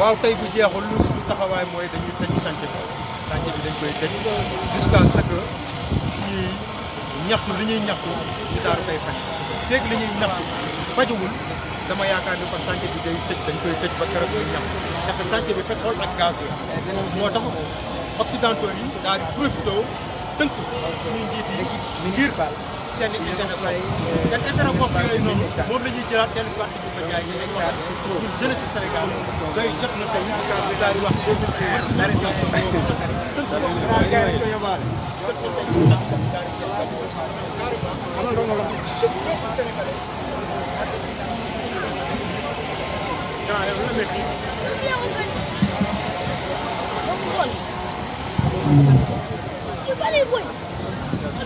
waaw tey bu jeexul lu suñu taxawaay mooy dañu béykat jusqu'à ce que suñuy ñaxtu li ñuy ñaxtu ñu daaru koy faj feeg li ñuy ñaxtu fajowul dama yaakaar ni kon chantier bi day tëj dañ koy tëj ba keroog ñuy ñaxtu ndaxte chantier bi pétrole ak gaz la moo tax occidentaux yi daal di profité tënk suñu njiit yi ngir seen i intérêt bopp seen intérêt bopp yooyu noonu moom la ñuy jëlaat dellu si waat di ko jaay ñu dañu wax ñun jeunesse Sénégal day jot na tey daal di wax personnalisation boobu tënk ko gars yi ko yóbbaale jot na tey ñu tax daal di jël carrément Sénégalais grand yow la métti Valeu, Gui!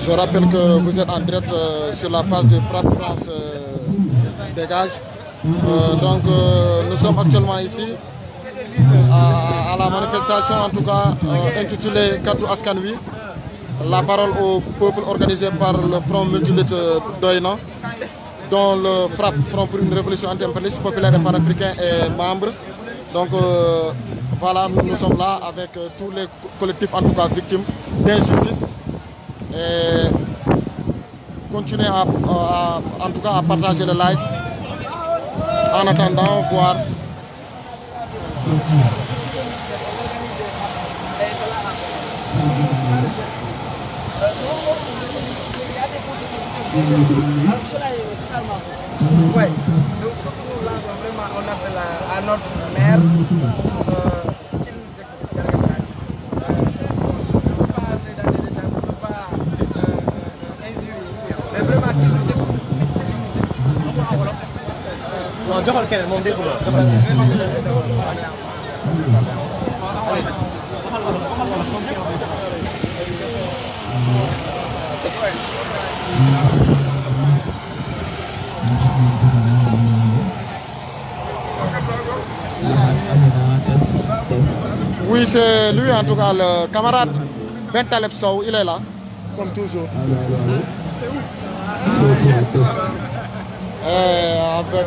je rappelle que vous êtes en direct euh, sur la page de Frappe France euh, Dégage. Euh, donc nous sommes actuellement ici à, la manifestation en tout cas intitulée Kaddu Askan Wi la parole au peuple organisée par le Front Multilutte Doyna dont le FRAP, Front pour une révolution anti-impérialiste populaire et panafricain, est membre. Donc euh, voilà, nous, sommes là avec euh, tous les collectifs, en tout cas victimes d'injustice. et euh, continuer à, à, en tout cas à partager le live en attendant voir ouais. donc ce que nous lançons vraiment on appelle à, à notre maire euh, non joxal keneen moom déggu ma. Oui, c'est lui en tout cas, le camarade Bentaleb Sow, il est là, comme toujours. C'est où? Et euh, avec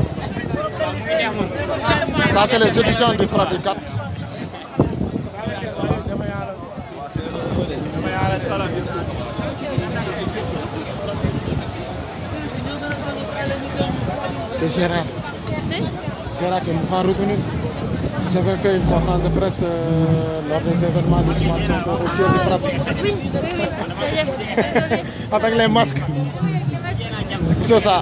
Ça, c'est les étudiants du FRAPPI 4. C'est Gérard. C'est Gérard qui nous pas reconnu. J'avais fait une conférence de presse euh, lors des événements de Ousmane Sonko au siège du FRAPPI. Oui, oui, oui. Avec les masques. C'est ça.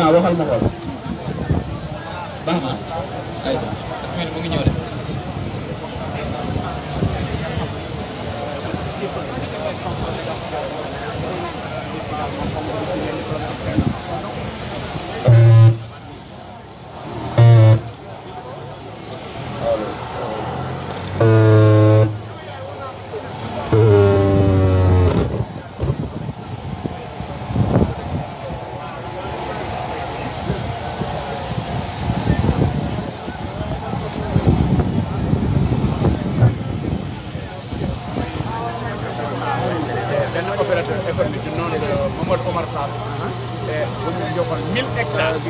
grand waxal ma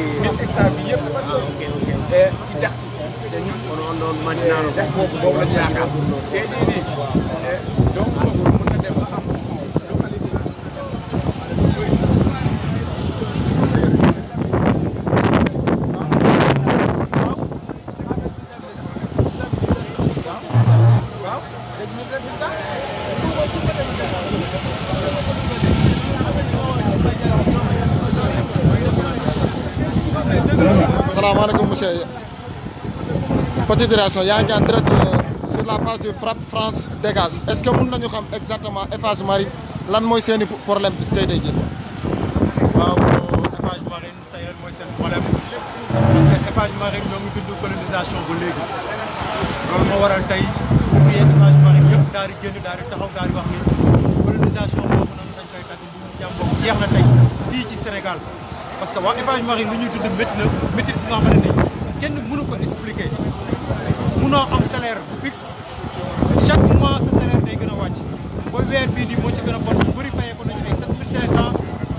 mille hectares bi yëpp dafa sos ci dex bi dañu dex boobu boobu lañu yaakaar monsieur Petite Réaction yaa ngi en euh, sur la page du FRAPP France dégage est-ce que mën nañu xam exactement Eiffage Marine lan mooy seen problème tey day jël. waaw Eiffage Marine tey lan mooy seen problème parce que Eiffage Marine ñoo ngi dund colonisation ba léegi loolu moo waral tey pour yee Eiffage Marine yëpp daal di génn daal di taxaw daal di wax ni colonisation boobu noonu dañ koy tàgg bu jeex na tey fii ci Sénégal parce que waa Marine lu ñuy dund métti na kenn mënu ko expliquer munoo am salaire bu fixe chaque mois sa salaire day gën a wàcc ba weer bii nii moo ci gën a bon ñu bëri fayee nañu ay 7500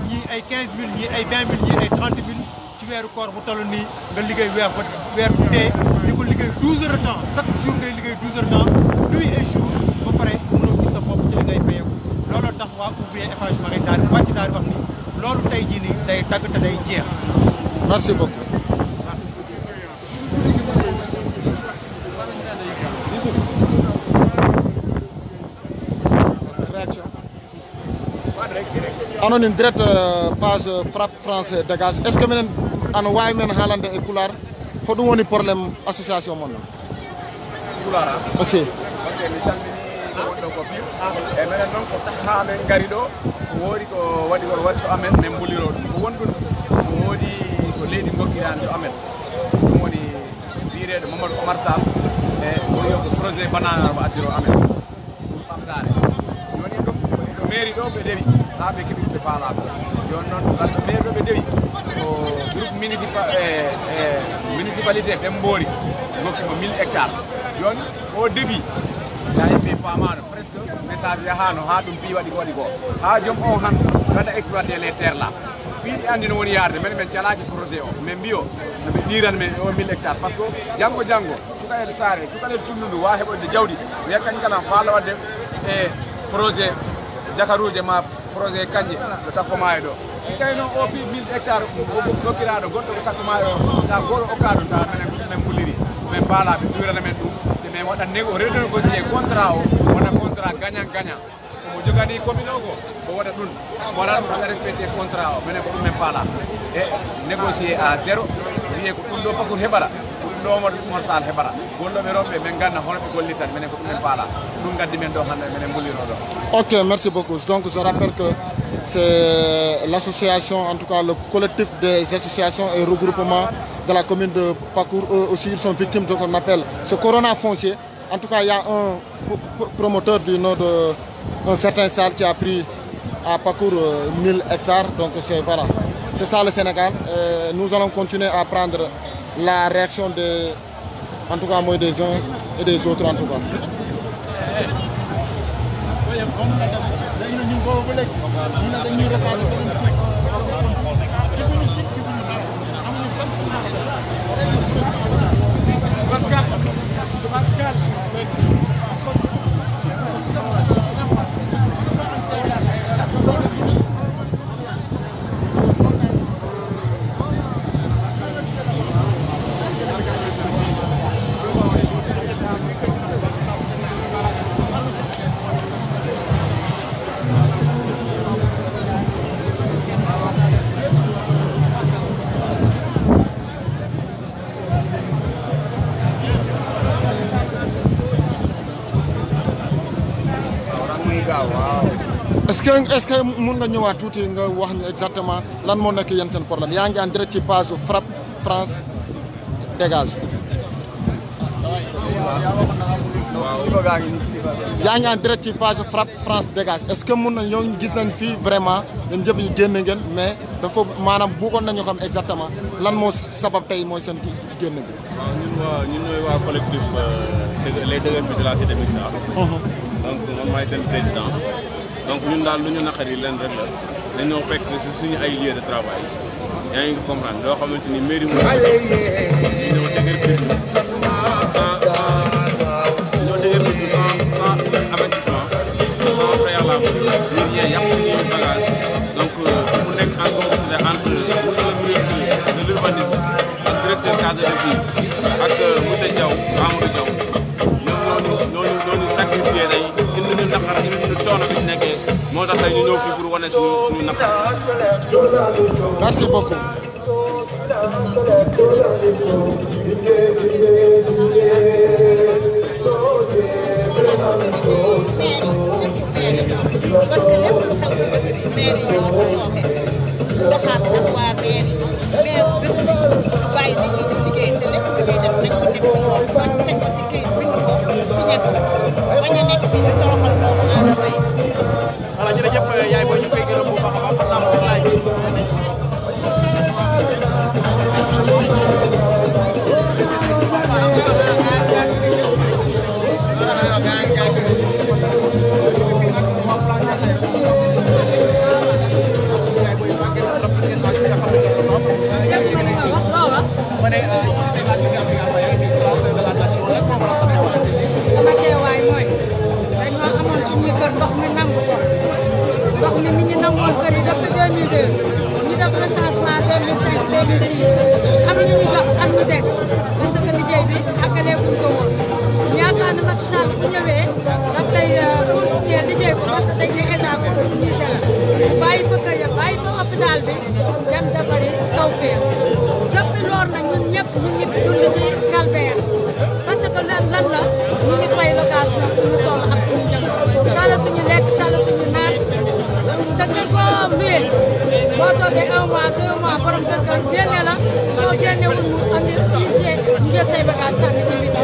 ñii ay 15000 ñii ay 20000 ñii ay 30000 ci weeru koor bu toll nii nga liggéey weer ba weer bu dee di ko liggéey 12 heures de temps chaque jour ngay liggéey 12 heures temps nuit et jour ba pare mënoo gis sa bopp ci li ngay fayee ko looloo tax waa ouvrier Eiffage Marine daal di wàcc daal di wax ni loolu tey jii nii day dagg te day jeex. merci beaucoup. anonin direct euh, page est ce que minen haalande ah. e coulard hoɗum woni probléme association moon noon coulara amen gari ɗo ko woodi ko waɗi amen min boliro ɗum ko wonɗum ko woodi ko leydi gokkirani ɗo amen e ko projet bananar mo addiro amen ɗum ɓamtare joni e ɗum e ɗo mairie laaɓe keɓiɓe faalaɓe joni noon ɓanno maire ɗoɓe dewi ko groupe municipal eh, eh, municipalité ɓemboori gokkimo 1000 hectare joni o débit ya yimɓe famano presque message yahano ha ɗum pi waɗi ko waɗi ko ha joom o han waɗa exploité les terres là ɓiɗi andi no woni yarde mene min calaki projet o min mbiyo noɓe ɗiran men o 1000 hectare par ce que janggo janggo cukalede saare cukalede tunnundu wawi heɓoyde jawdi wiya kañ kala faala wadde e eh, projet jakaruji projet kanji ɗo takkomayo ɗo si tawi o pi 1000 hectare ko takkomayo o ta goto okkaɗo ta men bulliri min o wona ko o waɗa ɗum wona e négocié à zéro ko ɗum ɗo pakour heɓata ɗomo on sal heɓata wonɗoɓe romɓe min ganda honɓe gollitan minen ko ɗumen faala men ɗo hande minen golliro ɗo ok merci beaucoup donc je rappelle que c'est l'association en tout cas le collectif des associations et regroupements de la commune de Pacour eux aussi ils victimes de ce ce corona foncier en tout cas y a un promoteur du nom de un certain Sall qui a pris à Pacour 1000 euh, hectares donc c'est voilà c'est ça le Sénégal et nous allons continuer à prendre la réaction de, en tout cas, moi des uns et des autres, en tout cas. est-ce mun nga ñëwaat tuuti nga wax ñu exactement lan moo nekk yéen seen problème yaa ngi en direct ci page su FRAPP France dégage. yaa ngi en direct ci page FRAPP France dégage est-ce que mun na ñoo gis nañ fii vraiment ñun ñëpp ñu génn ngeen mais dafa maanaam bëggoon nañu xam exactement lan moo sabab tey mooy seen génn bi. ñun waa ñun ñooy collectif les Dëgër bi de la Cité Mixa. donc man maay seen président. donc ñun daal lu ñu naqari leen rek la dañoo fekk si suñu ay lieu de travail yaa ngi comprendre loo xamante ni mairie mu ñoo dëgër kër sans ñoo dëgër kër sans sans avertissement sans préalable ñun ñee yàq suñuy bagage donc mu euh, nekk en complicité entre monsieur le ministre de l'urbanisme ak directeur cadre de vie ak euh, monsieur Diaw moo tax tey ñu ñëw fii pour wane suñu suñu naqar. merci beaucoup. parce que lépp lu xew si dëkk bi maire yi ñoo am na ñu jox am ñu des parce que liggéey bi àggaleegul ko woon yaakaar na Macky Sall bu ñëwee daf lay euh, continuer liggéey bu parce que dañ ne état continuité la bàyyi fa kër ya bàyyi fa hôpital bi dem defari taw féer depuis loolu nag ñun ñëpp ñu ngi dund ci calvaire parce que lan lan la ñu ngi fay location fu ñu toll ak suñu jëm talatuñu lekk talatuñu naan te kër koo luyee boo toogee un mois deux mois borom kër ga génne la soo génnewul mu andi lycée ñu jël say bagage sànni ci biir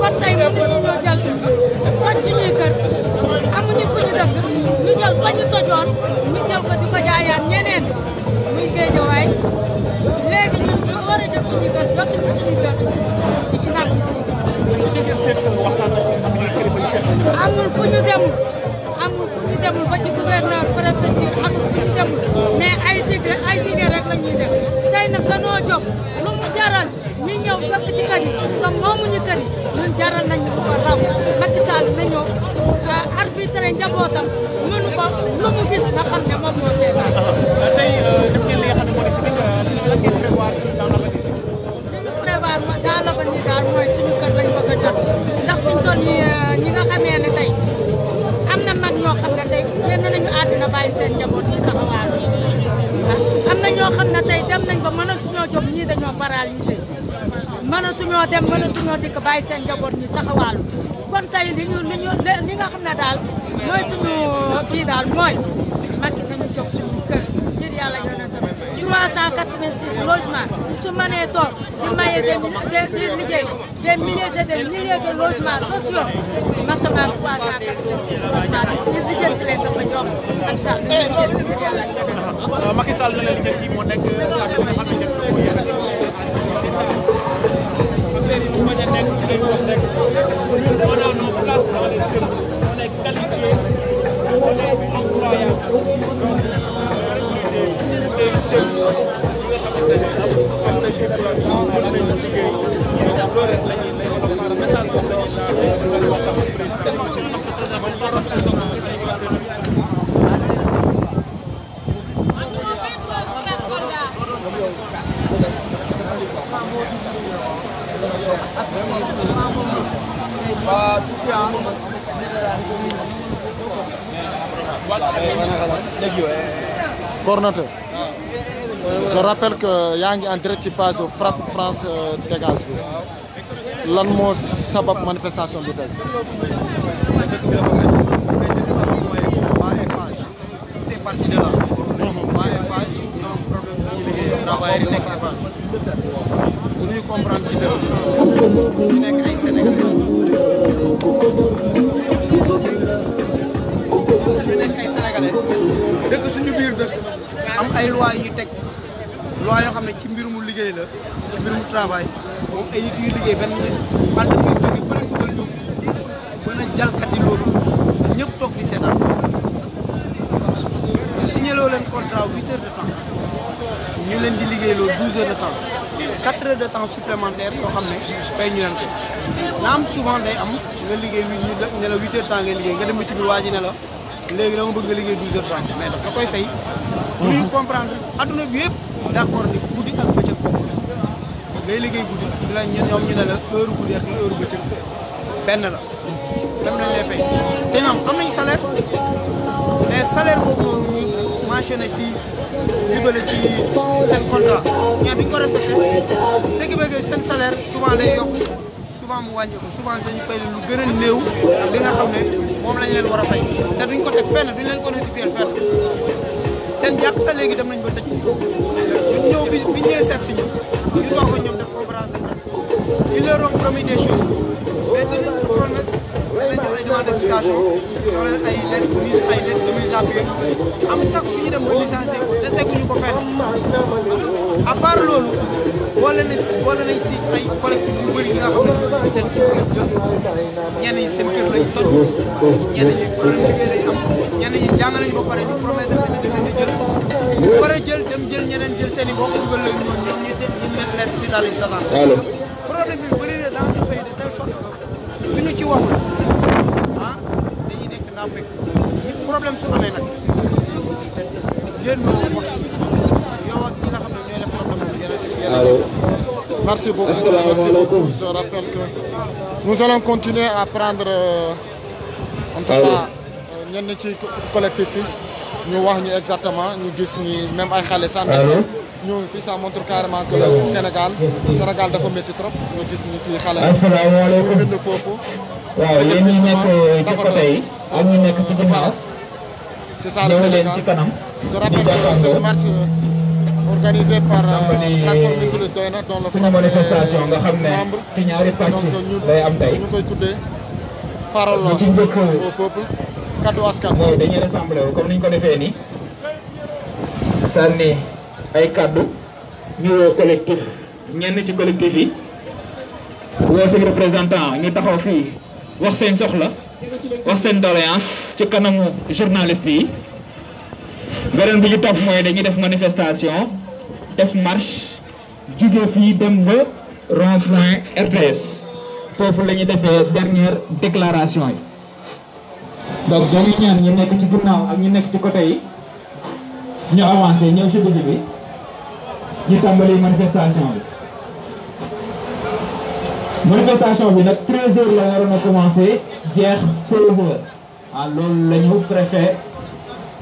kon tey mën nañu ñoo jël toj suñuy kër amuñu fu ñu dëkk ñu jël fa ñu tojoon ñu jël ko di ko jaayaat ñeneen muy géejawaay léegi ñu ñu war a jot suñuy kër jotuñu suñuy kër ci napp si. amul fu ñu dem. ñu ba ci gouverneur préfecture ak ñu demul ay digle ay digle rek la lu mu jaral ñi ñëw dëkk ci kër yi te moomuñu kër jaral nañ ñu ko ko raw Macky Sall na euh, lu mu gis nga ne moom moo bàyyi seen njaboot yi taxawaay am na ñoo xam ne tey dem nañ ba mënatuñoo jóg ñii dañoo paralysé mënatuñoo dem mënatuñoo dikk bàyyi seen njaboot ñi taxawaalu kon tey li ñu li ñu li nga xam ne daal mooy suñu kii daal mooy Macky nañu jox suñu kër ngir 386 logements su mënee toog di maye des di liggéey des milliers et des milliers de logements sociaux Massama 386 logements ñu lijjanti leen dafa ñoom ak sax ñu lijjanti ngir yàlla ak Macky Sall na leen jël kii moo nekk kàddu bi nga xam ne jël ko yéen On est qualifié, on est employable. tey jeunes yi nga xamante ne am na seen plan mën nañu liggéey loolu rek la ñuy nekk message boobu la ñuy lancé wax ak président man ma passé sa coordinateur je rappelle que yaa ngi en direct ci page frappe France dégage bi lan moo sabab manifestation bi tey. am ay loi yu teg lois yoo xam ne ci mbir mu liggéey la ci mbirum travail moom ay nit yu liggéey benn entreprise jóge fële dugal ñoom fii mën a jalkati loolu ñëpp toog di seetaan ñu signé loo leen contrat huit heures de temps ñu leen di liggéey loolu douze heures de temps quatre heures de temps supplémentaire yoo xam ne fay leen ko naam souvent day am nga liggéey wi huit heures de temps ngay liggéey nga dem ba ci biir waa ji ne la léegi dama bëgg nga liggéey mais daf la ñuy comprendre aduna bi yëpp d' accord ni guddi ak bëccëg lay liggéey guddi di la ñoom ñu ne la heure guddi ak heure bëccëg benn la dem nañ le fay te ñoom am nañ salaire mais salaire boobu noonu ñu mentionné si libale ci seen contrat ñaar duñ ko respecté ce qui seen salaire souvent day yokk souvent mu wàññi ko souvent sañu fay lu gën a néew li nga xam ne moom lañ leen war a fay te duñ ko teg fenn duñ leen ko notifier fenn seen jàkk sa léegi dem nañ ba tëj ñun ñëw bi bi ñëwee seet si ñun ñu toog ñoom def conférence de presse ils leur ont promis des choses mais dañu leen promesse da leen jox ay demande d'explication jox leen ay lettre mise ay lettre de mise à pied ñu ba ko fenn à loolu boole si boole nañ si ay collectif yu bëri yi nga xam ne ñooñu seen suuf lañ jël ñenn ñi seen kër lañ toj ñenn ñi problème liggéey lañ am ñenn ñi jàng nañ ba pare ñu promettre ne dina bu war a jël dem jël ñeneen jël seen i mbokk dugal leen ñoom ñoom ñu ñu mel leen si la liste d'attente. problème bi bëri na dans ce pays de telle sorte que suñu ci waxul ah dañuy nekk ndaa fekk nit problème su amee nag yéen ñoo wax ci yow ak ñi nga xam ne ñooy def problème bi yéen a si yéen a si. Merci beaucoup. Merci beaucoup. Je rappelle que nous allons continuer à prendre en tout cas ñenn ci collectif yi ñu wax ñu exactement ñu gis ni même ay xale sax ñu fi sa montre carrément que le Sénégal Sénégal dafa métti trop ñu gis ni kii xale asalaamaaleykum ñu bind foofu waaw yéen ñi nekk ci côté yi ak ñi nekk ci ginnaaw Sénégal euh, nga xam ne ci ñaari pàcc lay am tey ñu koy tuddee parole au peuple kaddu askan. mooy dañuy rassemblé wu comme ni ñu ko defee nii sànni ay kàddu ñu woo collectif ñenn ci collectif yi woo seen représentant ñu taxaw fii wax seen soxla wax seen doléance ci kanamu journaliste yi beneen bi ñu topp mooy dañuy def manifestation def marche jóge fii dem ba rond-point RTS foofu lañuy ñuy defee dernière déclaration yi. donc ñoo ngi ñaan ñu nekk ci ginnaaw ak ñu nekk ci côté yi ñu avancé ñëw ci digg bi ñu tàmbali manifestation bi. manifestation bi nag 13 heures la waroon a commencé jeex 16 heures ah loolu la ñu préfet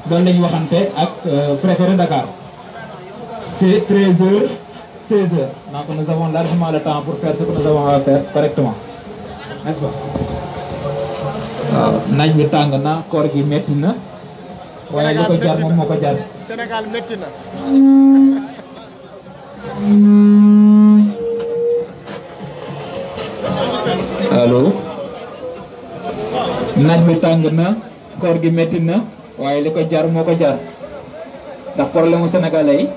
doon lañu waxante ak euh, préfet de Dakar c'est 13 heures 16 heures donc nous avons largement le temps pour faire ce que nous avons à faire correctement n'est-ce pas. waaw euh, naaj bi tàng na koor gi métti na. waaye li ko jar moo ko jar. Sénégal métti na. naaj bi tàng na koor gi métti na waaye li ko jar moo ko jar ndax problème mu sénégalais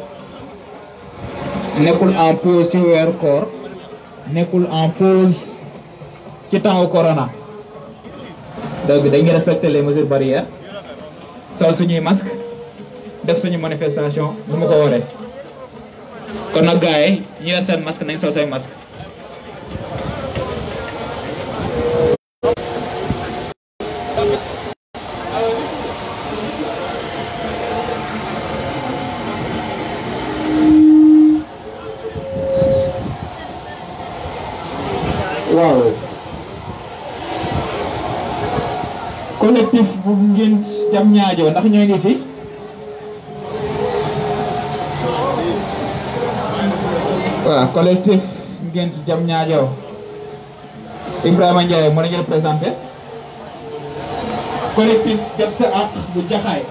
nekkul en pause ci weeru koor nekkul en pause ci temps korona donc dañuy respecter les mesures barrières sol suñuy masque def suñu manifestation bu ma ko waree kon nag gars yi ñu yor seen masque nañ sol seen masque ngént jam ñaajo ndax ñoo ngi fi waaw collectif ngént jam ñaajo Ibrahima Ndiaye mën ngeen présenté collectif jot sa àq bu jaxaay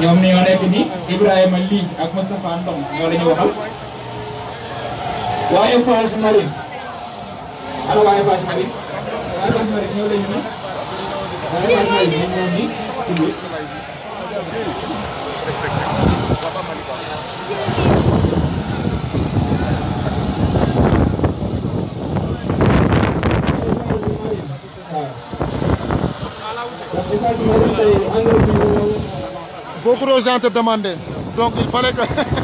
ñoom ñoo nekk ni Ibrahima lii ak Moustapha Ndong ñoo la ñu waaye Fass Marine Beaucoup de gens te demandaient, donc il fallait que...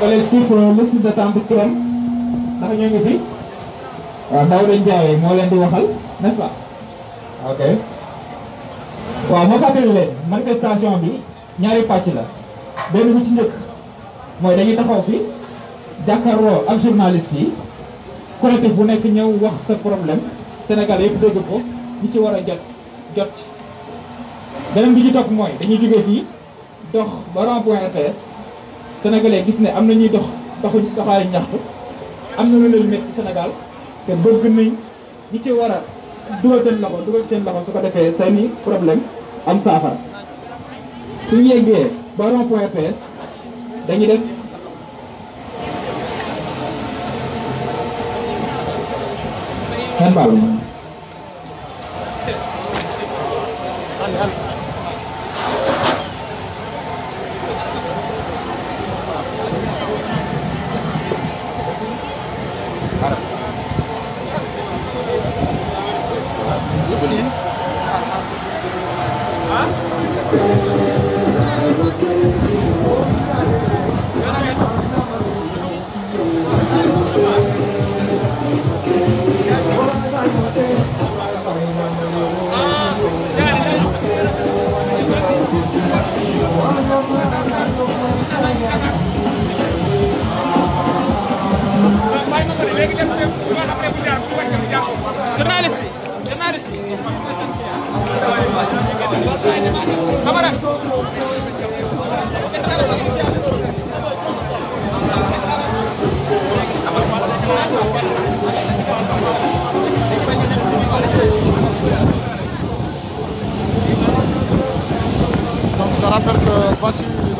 collectif mu sud de Tambi Crème ndax ñoo ngi fi waaw Daouda Ndiaye moo leen di waxal n'est-ce pas ok waaw moo fàttali leen manifestation bi ñaari pàcc la benn bi ci njëkk mooy dañuy taxaw fi jàkkaarloo ak journaliste yi collectif bu nekk ñëw wax sa problème Sénégal yëpp dégg ko ñi ci war a jot jot ci beneen bi ci topp mooy dañuy jógee fii dox ba rond point RTS sénégalais gis ne am na ñuy dox doxu doxaay ñaxtu am na lu leen senegal Sénégal te bëgg nañ ñi ci war a dugal seen loxo dugal seen loxo su ko defee seeni problème am saafara suñu yeggee ba rond-point PS dañuy def xen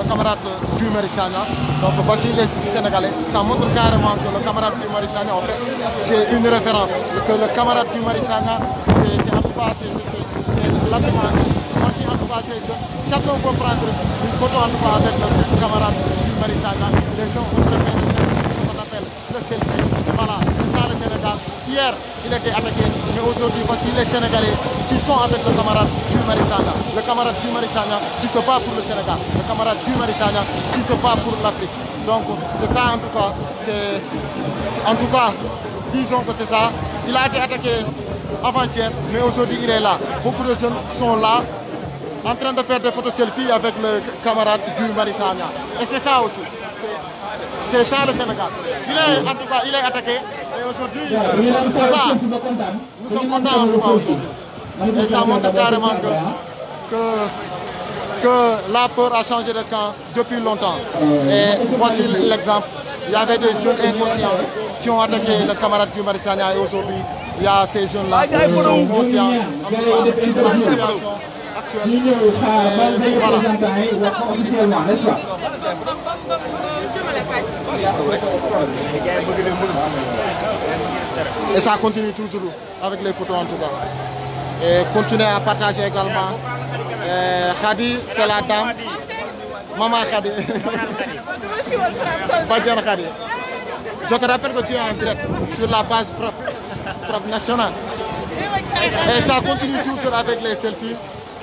camarade Guy Sagna. Donc voici les Sénégalais. Ça montre carrément le camarade Guy Sagna, en c'est une référence. le camarade Guy Sagna, c'est en tout cas, c'est Voici en tout cas Chacun prendre une photo en avec le camarade Guy Sagna. Les gens ont préféré ce qu'on le selfie. Voilà, c'est ça le Sénégal. Hier, il était attaqué, mais aujourd'hui, voici les qui sont avec le camarade Guy Sagna, le camarade Guy Marius Sagna qui se pour le Sénégal, le camarade Guy Marius Sagna qui pour l'Afrique. Donc c'est ça en tout cas, c'est en tout cas, disons que c'est ça. Il a attaqué avant-hier, mais aujourd'hui il est là. de jeunes sont là en de faire des photos selfies avec le camarade Guy Marius Sagna. Et ça montre carrément que, que, que la peur a changé de camp depuis longtemps. Euh, et voici l'exemple. Il y avait des jeunes inconscients qui ont attaqué le camarade du Marissania et aujourd'hui, il y a ces jeunes-là qui sont conscients de la situation actuelle. Et voilà. Et ça continue toujours, avec les photos en tout cas. et continuer à partager également. Euh, c'est la dame. Maman Khady. Badiane Khady. Je te rappelle que tu en direct sur la page Frappe, Frappe nationale. Et ça continue toujours avec les selfies.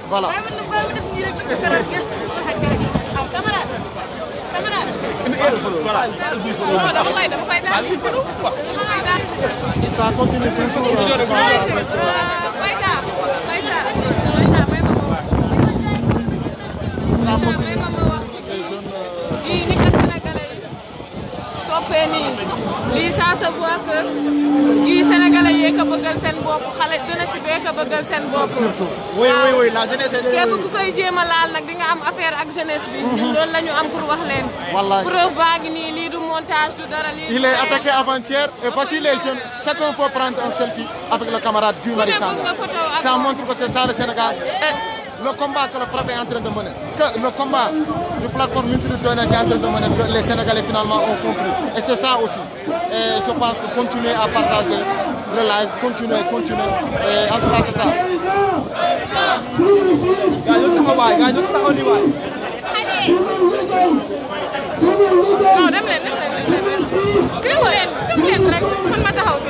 Voilà. Ça continue toujours. laa bëgg lii ni ko sénégalais yi toppee nii lii ça se voit que kii sénégalais yee ko bëggal seen bopp xale jeunesse bee ko bëggal seen bopp. surtout oui oui la jeunesse képp ku koy jéem a laal nag di nga am mhm. la ñu am pour wax leen. wallaay preuve baa ngi nii lii du montage du dara lii. il est attaqué avant-hier et voici les jeunes chacun faut montre que c'est ça Sénégal. le combat que le FRAPP est en train de mener, que le combat du plateforme multidonnaire de mener, que les Sénégalais finalement ont compris. Et c'est ça aussi. Et je pense que continuer à partager le live, continuer, continuer. Et en tout cas, c'est ça. non dem leen dem leen dem leen. teewu leen teewu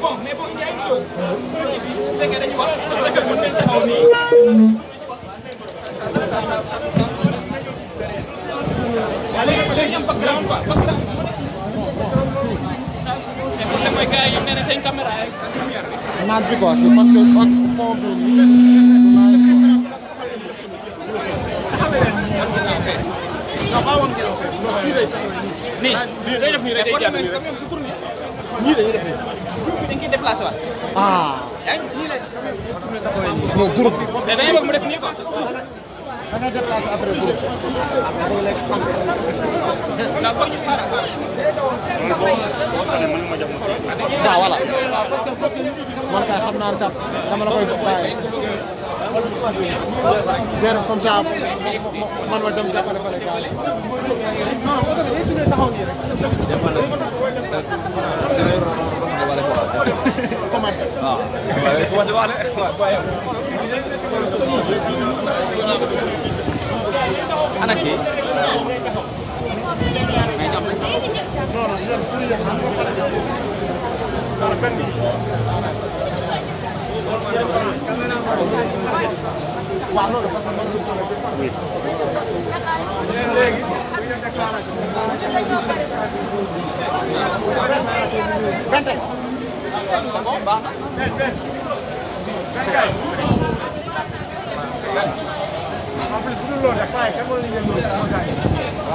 bon mais bon il y a une chose. produit bi bu fekkee dañuy wax sax dëkk bi mën taxaw nii. waaw léegi dañuy am background quoi background bi mu nekk. mais bu ñu koy gars yi nee na seen caméra rek. naaj bi quoi c'est parce que fond bi. waaw waaw nii nii day def nii rek day jàpp nii rek. ngi ciy déplacé waat. ah. yaa ngi nii lay. non groupe bi. mais dañuy bëgg mu def nii quoi. da ngay déplacé après groupe. ndax foog ñu xaaral. waaw voilà. man kay xam naa ne sax dama la koy bàyyi. jéem comme ça man ma dem jàppale fële gaal. non non. waaw waaye wax de ana kii Vente. En plus, tout le monde, il n'y a pas un camion de l'île. Ouais,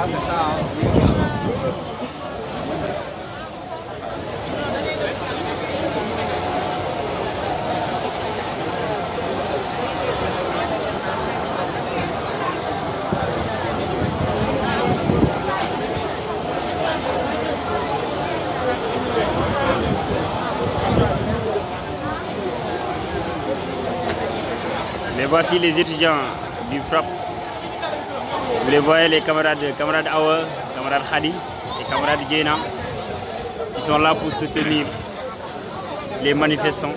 c'est ça. Mais voici les étudiants du FRAP. Vous les les camarades, camarades Awa, camarades Khadi, les camarades Djena. Ils là pour soutenir les manifestants.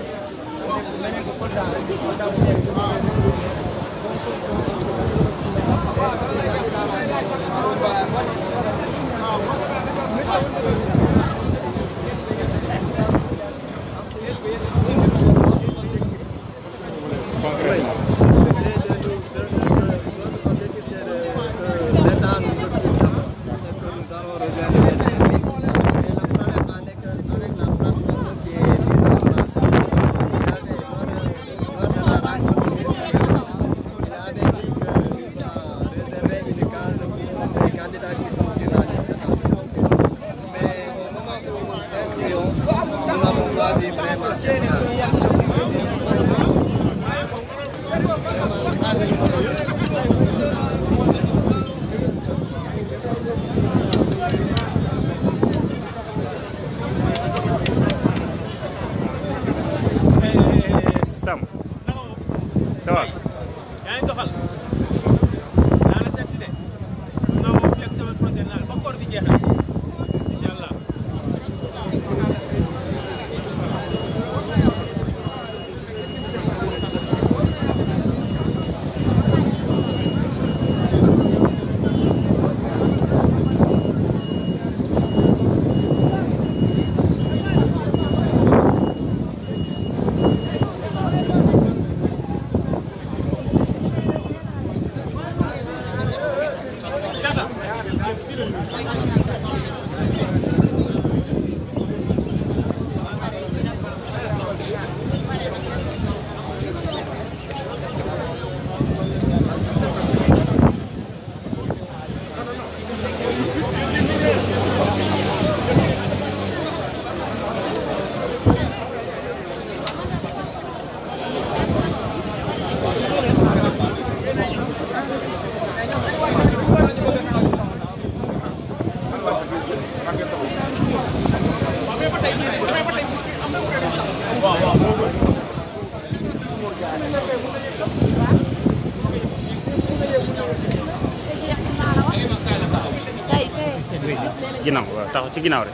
ginnaaw waaw ci ginnaaw rek.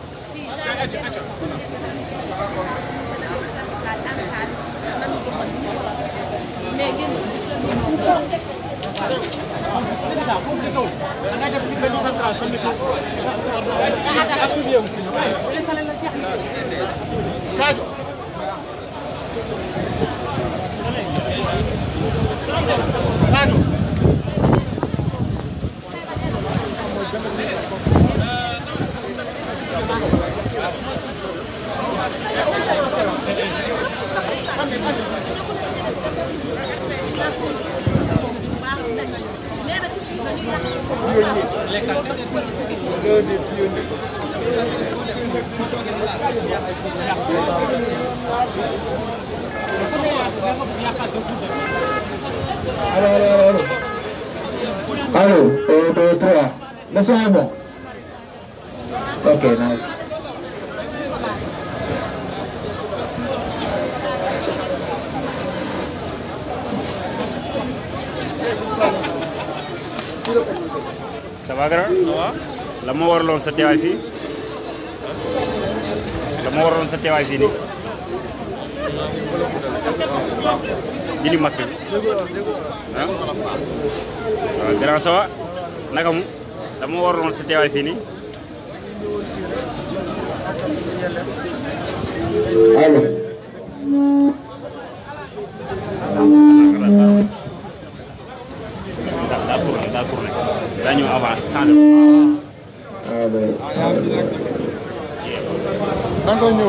Thank Allô, euh, toi, le son est bon. Ok, nice. ça va la moo waraloon sa teewaay fii. la ma waraloon sa teewaay fii nii. jëli masque bi. ah waaw grand naka mu la ma waraloon sa teewaay fii nii.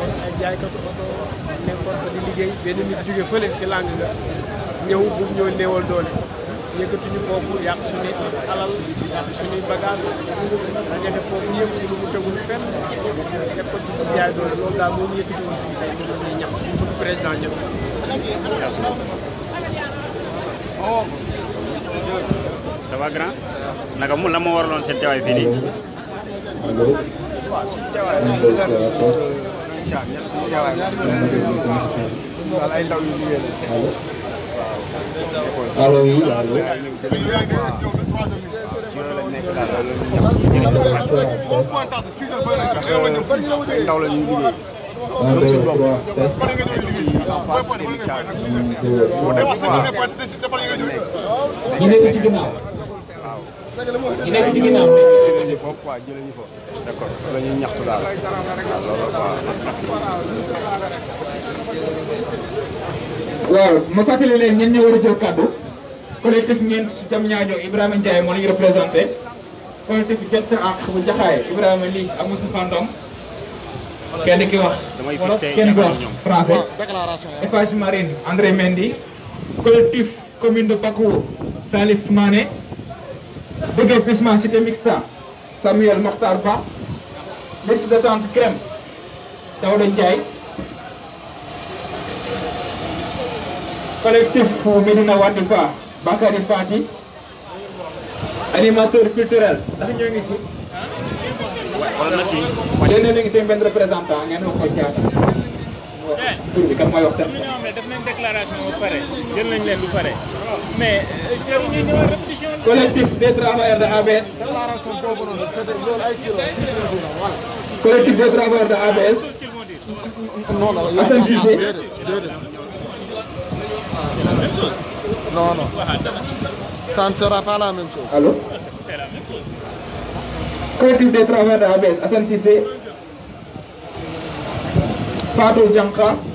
nekkoon ay jaaykatu di liggéey benn nit jóge fële si làng nga ñëw bu ñoo néewal doole yëkkatuñu foofu yàq suñuy alal yàq suñuy bagage dajale foofu yëpp si mu tegul fenn def ko si si jaay doole loolu moom yëkkati woon fii tey moom la ñuy ñax bu président jëm si oh. ça mu la moo waraloon seen teewaay fii nii incha allah ñett suñu teewaay moom daal ay ndaw yu liggéey la. waaw allo oui allo. ci yooyu lañ nekk daal daal lañu ñàkk. parce que ay ndaw la ñuy liggéey. ñoom suñu bopp ci en face de l' émission. boo demee quoi dañ nekk dañ nekk. ñu nekk ci ginnaaw jëlee ñu foofu quoi jëlee ñu foofu d'accord la ñuy ñaxtu daal waaw loolu quoi waaw ma fàttali leen ñen ñoo war a jël kàddu collectif ñeent jam ñaajo Ibrahima Ndiaye moo la ñu représenté collectif jot sa àq bu jaxaay Ibrahima lii ak Moussa Ndom kenn ki wax wala kenn ki wax français Eiffage Marine André Mendy collectif commune de Pakou Salif Mané Dégué Pisma Cité Mixta Samuel Mokhtar Ba liste d'attente Crème Daouda Ndiaye collectif Medina Wadifa Bakary Fati animateur culturel ndax ñoo ñu ngi seen benn représentant ngeen wax ko tur bi kan mooy wax seen. am na ñoo xam ne def nañ déclaration ba euh, de ABS. déclaration boobu noonu c'est de ABS. non non Assane Cissé. la même chose. allo. collectif des de ABS Assane Fatou Dianka